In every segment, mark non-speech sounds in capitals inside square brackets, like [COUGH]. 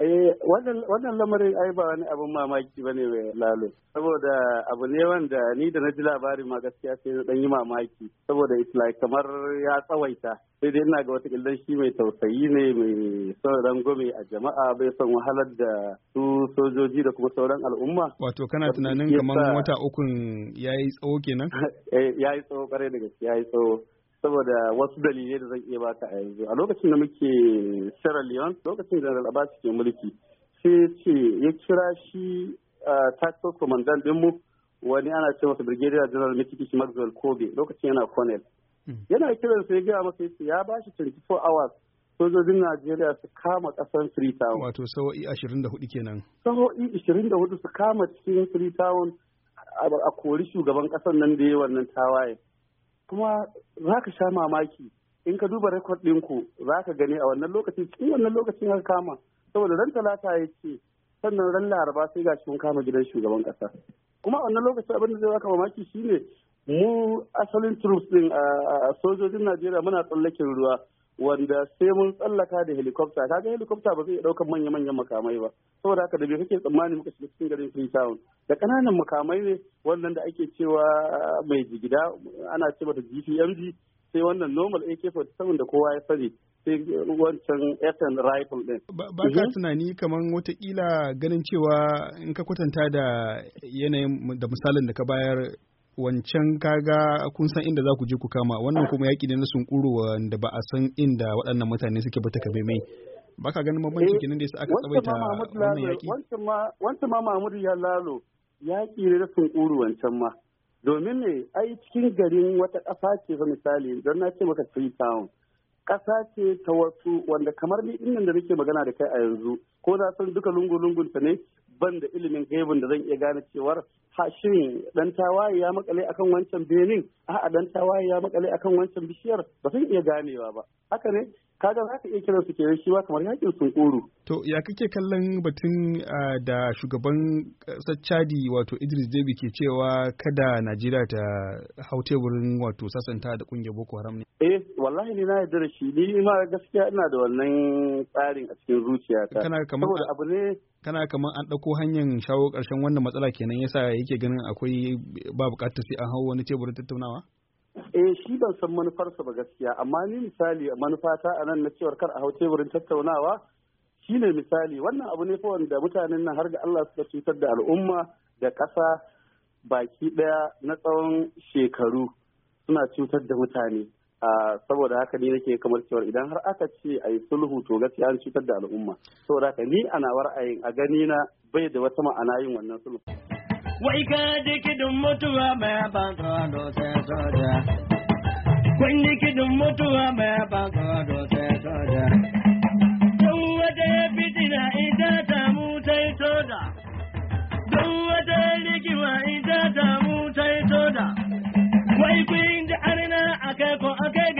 Eh, wannan lamarin ai ba wani abin mamaki ba ne lalo. Saboda abu ne wanda ni da na ji labarin ma gaskiya sai na yi mamaki. Saboda islai kamar ya tsawaita. Sai dai ina ga wata illan shi mai tausayi ne mai son rangwame a jama'a bai son wahalar da su sojoji da kuma sauran al'umma. Wato kana tunanin kamar wata ukun ya yi tsawo kenan? [LAUGHS] Eh, ya yi tsawo kwarai da gaske ya yi tsawo. saboda wasu dalilai da zan iya baka a yanzu a lokacin da muke Sierra Leone lokacin da Abbas ke mulki sai ce ya kira shi tactical commandant dinmu wani ana ce masa brigadier general Mitiki Maxwell Kobe lokacin yana colonel hmm. yana kiran sai ya gaya masa ya ba shi 24 hours sojojin Najeriya su kama ƙasar Freetown. Wato sawa'i 24 kenan. Sawa'i 24 su kama cikin Freetown a kori shugaban ƙasar nan da ya wannan tawaye. kuma za ka sha mamaki in ka duba rekod ɗinku za ka gani a wannan lokacin cikin wannan lokacin aka kama saboda ran talata ya ce sannan ran laraba sai ga mun kama gidan shugaban ƙasa kuma a wannan lokacin abin da zai baka mamaki shine mu asalin troops din a sojojin najeriya muna tsallakin ruwa wanda sai mun tsallaka da ta kaga helikopta ba zai iya daukan manya-manyan makamai ba saboda haka da bai kake tsammani muka shiga cikin garin Freetown da kananan makamai ne wannan da ake cewa ah, mai jigida ana ce mata GPMG sai wannan normal AK47 da kowa ya sani sai wancan FN rifle din ba ka mhm. tunani kamar watakila ganin cewa in ka kwatanta da yanayin da misalin da ka bayar wancan kaga kun san inda za ku je ku kama wannan kuma yaƙi ne na sunkuru wanda ba a san inda waɗannan mutane suke ba takamaimai ba ka ganin mabanci eh, kenan da yasa aka tsawaita wannan yaƙi wancan ma Mahmud ya lalo yaƙi ne na sunkuru wancan ma domin ne ai cikin garin wata ƙasa ce fa misali don na ce maka town ƙasa ce ta wasu wanda kamar ni inda da nake magana da kai a yanzu ko na san duka lungu lungunta ta ne ban da ilimin gaibin da zan iya gane cewar shin dan tawaye ya makale akan wancan benin a'a dan tawaye ya makale akan wancan bishiyar ba zan iya ganewa ba haka ne kaga za ka iya kiran su kenan shiwa kamar yakin sun koro. To ya kake kallon batun da shugaban ƙasar Chadi wato Idris Deby ke cewa kada Najeriya ta hau teburin wato sasanta da ƙungiyar Boko Haram ne. Eh wallahi ni na yarda da shi ni ma gaskiya ina da wannan tsarin a cikin zuciyata. Kana kamar saboda abu ne kana kamar an ɗauko hanyar shawo ƙarshen wannan matsala kenan yasa yake ganin akwai ba buƙatar sai an hau wani teburin tattaunawa? eh shi ban san manufarsa ba gaskiya amma ni misali manufata a nan na cewar kar a hau teburin tattaunawa shine misali wannan abu ne fa wanda mutanen nan har ga Allah suka cutar da al'umma da ƙasa baki ɗaya na tsawon shekaru suna cutar da mutane saboda haka ni nake kamar cewar idan har aka ce a yi sulhu to gaskiya an cutar da al'umma saboda haka ni ana ra'ayin a gani na bai da wata ma'ana yin wannan sulhu wai ka dake don mutuwa mai ban tsoro mutuwa mai baka dose soja. Don wata ya fitina ita ta mu ta yi toda. Don wata rigima ita ta mu ta yi toda. Wai kun ji arna akai ko akai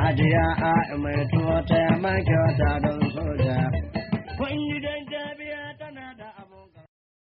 hajiya a mai tuwa ta makyauta don soja.